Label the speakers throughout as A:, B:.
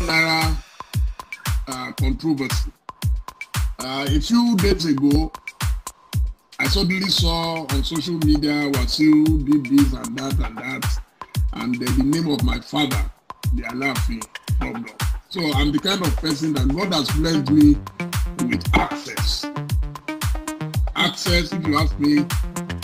A: naira uh, controversy. Uh, a few days ago, I suddenly saw on social media you did this and that and that, and uh, the name of my father, the laughing, problem. So I'm the kind of person that God has blessed me with access. Access, if you ask me,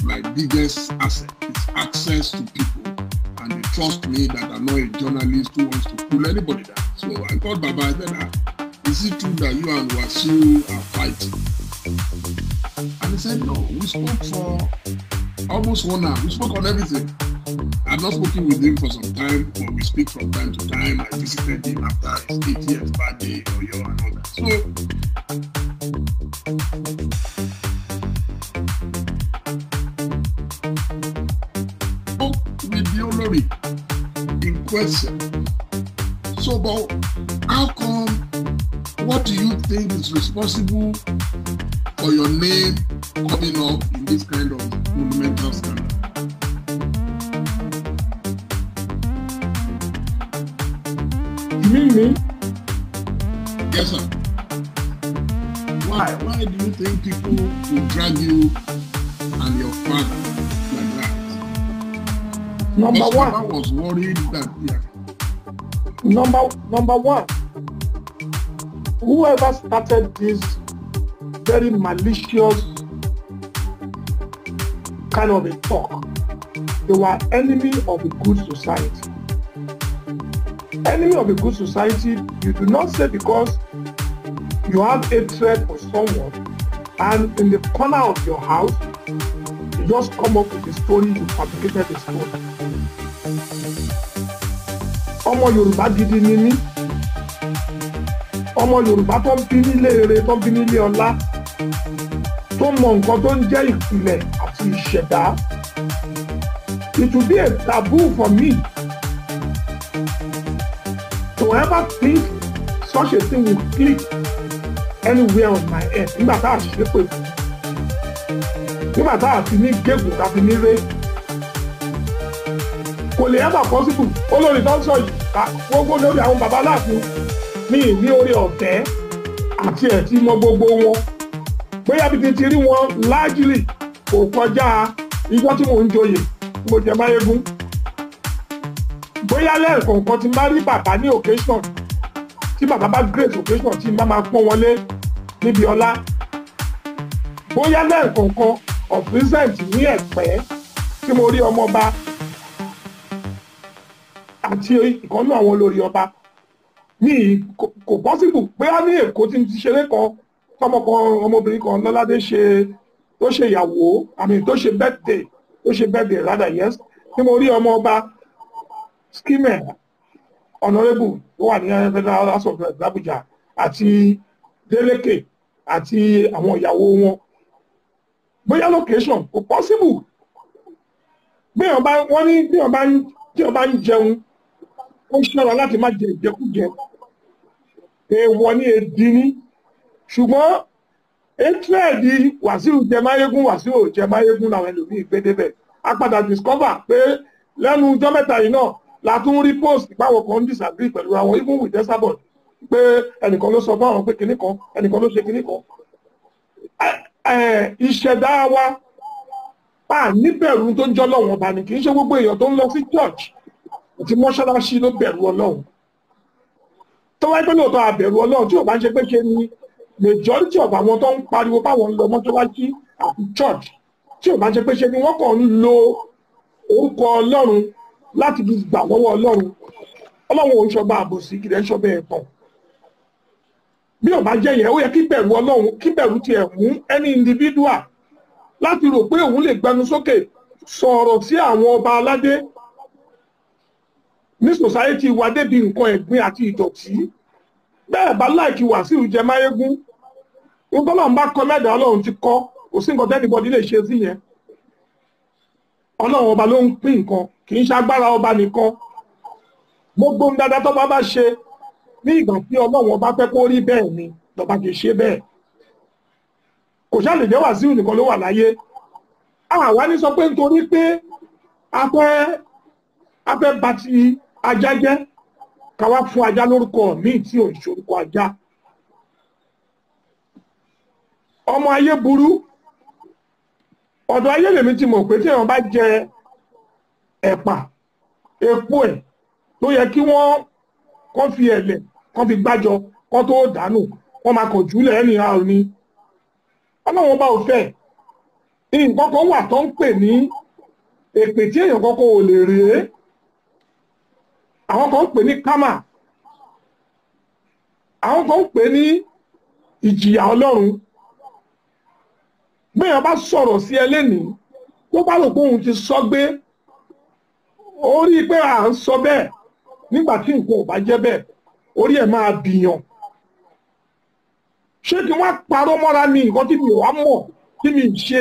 A: my biggest asset is access to people, and they trust me that I'm not a journalist who wants to pull anybody down. So I called Baba. I said, ah, Is it true that you and Wasiu are fighting? And he said, No, we spoke for almost one hour. We spoke on everything. I've not spoken with him for some time, but we speak from time to time. I visited him after his 80th birthday, Oyo, and all that. So, with the honorary in question So, but how come? What do you think is responsible for your name coming up in this
B: kind of monumental scandal? You mean me? Yes, sir. Why? Why do you
A: think people will drag you and your father like
B: that? Number Because one. I was worried that. Yeah. Number number one, whoever started this very malicious kind of a talk, they were enemy of a good society. Enemy of a good society, you do not say because you have a threat for someone and in the corner of your house, you just come up with a story, you fabricated a story ọmọ Yorùbá gidi ni mí ọmọ Yorùbá tó ń bí nílé eré tó ń bí nílé ọlá tó mọ nǹkan tó ń jẹ́ ìpìlẹ̀ àti ìṣẹ̀dá it will be taboo for me to ever think such a thing will click anywhere on my head nígbà tá a ṣépè nígbà tá a fi ní gégùn tá a fi ní ré kò lè ever possible olórí tó ń sọ yìí ká gbogbo lórí àwọn baba aláàfin ní ìní orí ọ̀tẹ́ àti ẹ̀tí mọ gbogbo wọn bóyá bí ti ti rí wọn lájìlì kò kọjá ijọ́ tí mò ń joyè mo jẹ máyégún bóyá lẹ́ẹ̀kọ̀ọ̀kan ti máa rí bàbá ní occasion tí bàbá bá great occasion tí má máa pọ́n wọlé níbi ọlá bóyá lẹ́ẹ̀kọ̀ọ̀kan of recent ní ẹ̀pẹ́ tí mo rí ọmọọba àti ìkan náà àwọn olórí ọba ní kò pọ́sibù pé a ní èkó tí n ti ṣeré kan tọmọkan ọmọbìnrin kan lọ́ládé ṣe tó ṣe ìyàwó àmì tó ṣe birthday tó ṣe birthday rather yes tí mo rí ọmọ ọba skimmer honourable tó wà ní federal house of Abuja àti Deleke àti àwọn ìyàwó wọn bóyá location kò pọ́sibù bí wọ́n bá ń jẹun ó ṣọ́ra láti má jẹ ìjẹkújẹ èèwọ̀ ni èdì ni ṣùgbọ́n etrẹ́ẹ̀dì wàsíù jẹmáyégún wàsíù ò jẹmáyégún làwọn ẹlòmíín gbé débẹ̀ a padà discover pé lẹ́nu ọjọ́ mẹ́ta yìí náà la tún rí post báwọn kan disagree pẹ̀lú àwọn even with desabod pé ẹnìkan ló sọ fún àwọn pé kinní kan ẹnìkan ló ṣe kinní kan ìṣẹ̀dá wa pa níbẹ̀rù tó jọ́ lọ́wọ́n bá kì í ṣe gbogbo èèyàn tó ń lọ sí church àti mọ́ṣáláṣí ló bẹ̀rù ọlọ́run tó wáyé pé lóòótọ́ àbẹ̀rù ọlọ́run tí ò bá ń ṣe pé ṣe ni majority of àwọn tó ń pariwo báwọn ń lọ mọ́ṣáláṣí àti church tí ò bá ń ṣe pé ṣe ni wọ́n kàn ń lo orúkọ ọlọ́run láti fi gbà lọ́wọ́ ọlọ́run ọlọ́run ò ń ṣọba àbòsí kìlẹ̀ ń ṣọba ẹ̀tàn bí ò bá jẹ́ yẹn ó yẹ kí bẹ̀rù ọlọ́run kí bẹ̀rù tiẹ̀ mú ẹni individual láti rò pé òun lè gbẹnu sókè sọ̀rọ̀ sí àwọn ọba aládé ní sòsáyẹ́tì wa débi nǹkan ẹ̀gbin àti ìdọ̀tí bẹ́ẹ̀ bá láìkí Wàsíù jẹ máyégún ohun tó lọ́n bá kọ mẹ́ta ọlọ́run ti kọ́ kò sí nǹkan tẹ́nìbọ̀dì lè ṣe sí yẹn ọlọ́run ọba ló ń pín nǹkan kì í ṣagbára ọba nìkan gbogbo ń dáadáa tó bá ṣe ní ìgbà tí ọlọ́run ọba fẹ́ kó rí bẹ́ẹ̀ ni lọ́ba kì í ṣe bẹ́ẹ̀ kò ṣáà lè jẹ́ Wàsíù nìkan ló wà láyé àwa ní sọ pé nítorí pé a fẹ́ a fẹ́ bá ti ajá jẹ́ ká wá fún ajá lórúkọ míì tí ò ń ṣorúkọ ajá ọmọ ayé burú ọ̀dọ̀ ayé lèmi ti mọ̀ pé tí èèyàn bá jẹ ẹ̀pà epo ẹ̀ tó yẹ kí wọ́n kọ́ fi ẹ̀lẹ̀ kọ́ fi gbájọ kọ́ tó dànù wọ́n máa kàn jùlẹ̀ ẹ̀ nìyà ni ọlọ́run bá ò fẹ́ nǹkan kan wà tó ń pè ní èpè tí èèyàn kọ́kọ́ ò lè rèé àwọn kan ń pè ní kámà àwọn kan ń pè ní ìjìyà ọlọ́run gbẹ̀yàn bá sọ̀rọ̀ sí ẹ lẹ́nìí tó bá ti sọ gbé ó rí i pé à ń sọ bẹ́ẹ̀ nígbà tí nǹkan ò bá jẹ́ bẹ́ẹ̀ orí ẹ̀ máa bìyàn ṣé kí wọ́n parọ́ mọ́ra mi nǹkan tí mi ṣe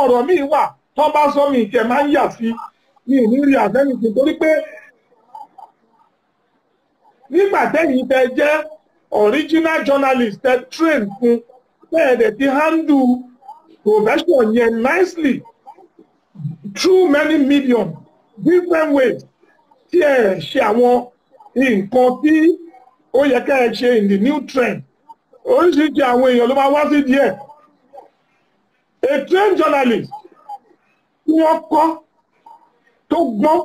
B: ọ̀rọ̀ mi wà bá sọ mi ìtẹ̀ máa ń yà sí mi ò ní rí nígbà tẹ́yìn tẹ́ jẹ́ original journalist tẹ́ train fún bẹ́ẹ̀ dẹ̀ ti handle profession yẹn nicely through many medium different ways tí ẹ ṣe àwọn nǹkan tí ó yẹ ká ẹ ṣe in the new trend oríṣiríṣi àwọn èèyàn ló máa wá sí díẹ̀ a trained journalist tí wọ́n kọ́ tó gbọ́n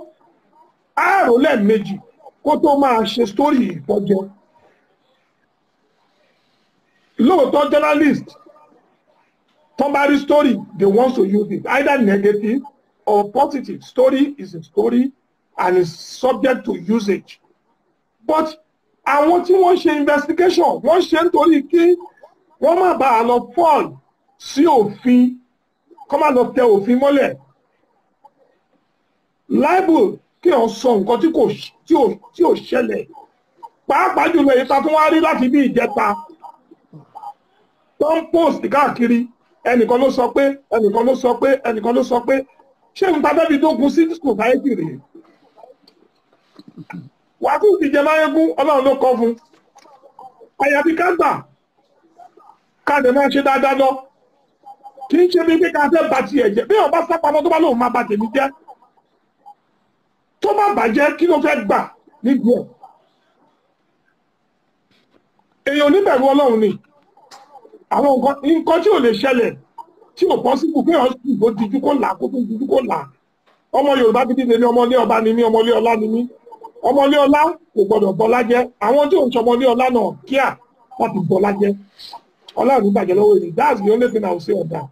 B: àárò lẹ́ẹ̀mejì kó tó máa ṣe sítórì ìfọjọ lóòótọ́ journalist tó bá rí story they want to use it either negative or positive story is a story and is subject to usage but àwọn tí wọ́n ṣe investigation wọ́n ṣe nítorí kí wọ́n má bàa lọ fall sí òfin kọ́ má lọ tẹ òfin mọ́lẹ̀ libel kí ọ̀ sọ nǹkan tí kò tí ò ṣẹlẹ̀ pàápàá jùlọ èyí ta tún wá rí láti bí ìjẹta tó ń post káàkiri ẹnìkan ló sọ pé ẹnìkan ló sọ pé ẹnìkan ló sọ pé ṣé n ta bẹ́bí dógun sí society rèé wàásù ìdíje máyégún ọlọ́run ló kọ́ fún àyàfi ká gbà ká lè máa ṣe dáadáa lọ kì í ṣe bí pé ká fẹ́ bá tiẹ̀ jẹ́ bí ọba sápamọ́ tó bá lóun máa bá tèmi jẹ́ tó bá bàjẹ́ kí ló fẹ́ gbà níbi ẹ̀ èèyàn oníbẹ̀rù ọlọ́run ni àwọn nǹkan tí ò lè ṣẹlẹ̀ tí ò pọ́sibú pé ọ̀ sì kó dijú kó là kó tó dijú kó là ọmọ Yorùbá gidi ni ọmọlé ọba ni mí ọmọlé ọlá ni mí ọmọlé ọlá kò gbọdọ̀ bọlá jẹ àwọn tí ò ń sọmọlé ọlá náà kíá wọn ti bọlá jẹ ọlá ò ní bàjẹ́ lọ́wọ́ èyí that's the only thing I will say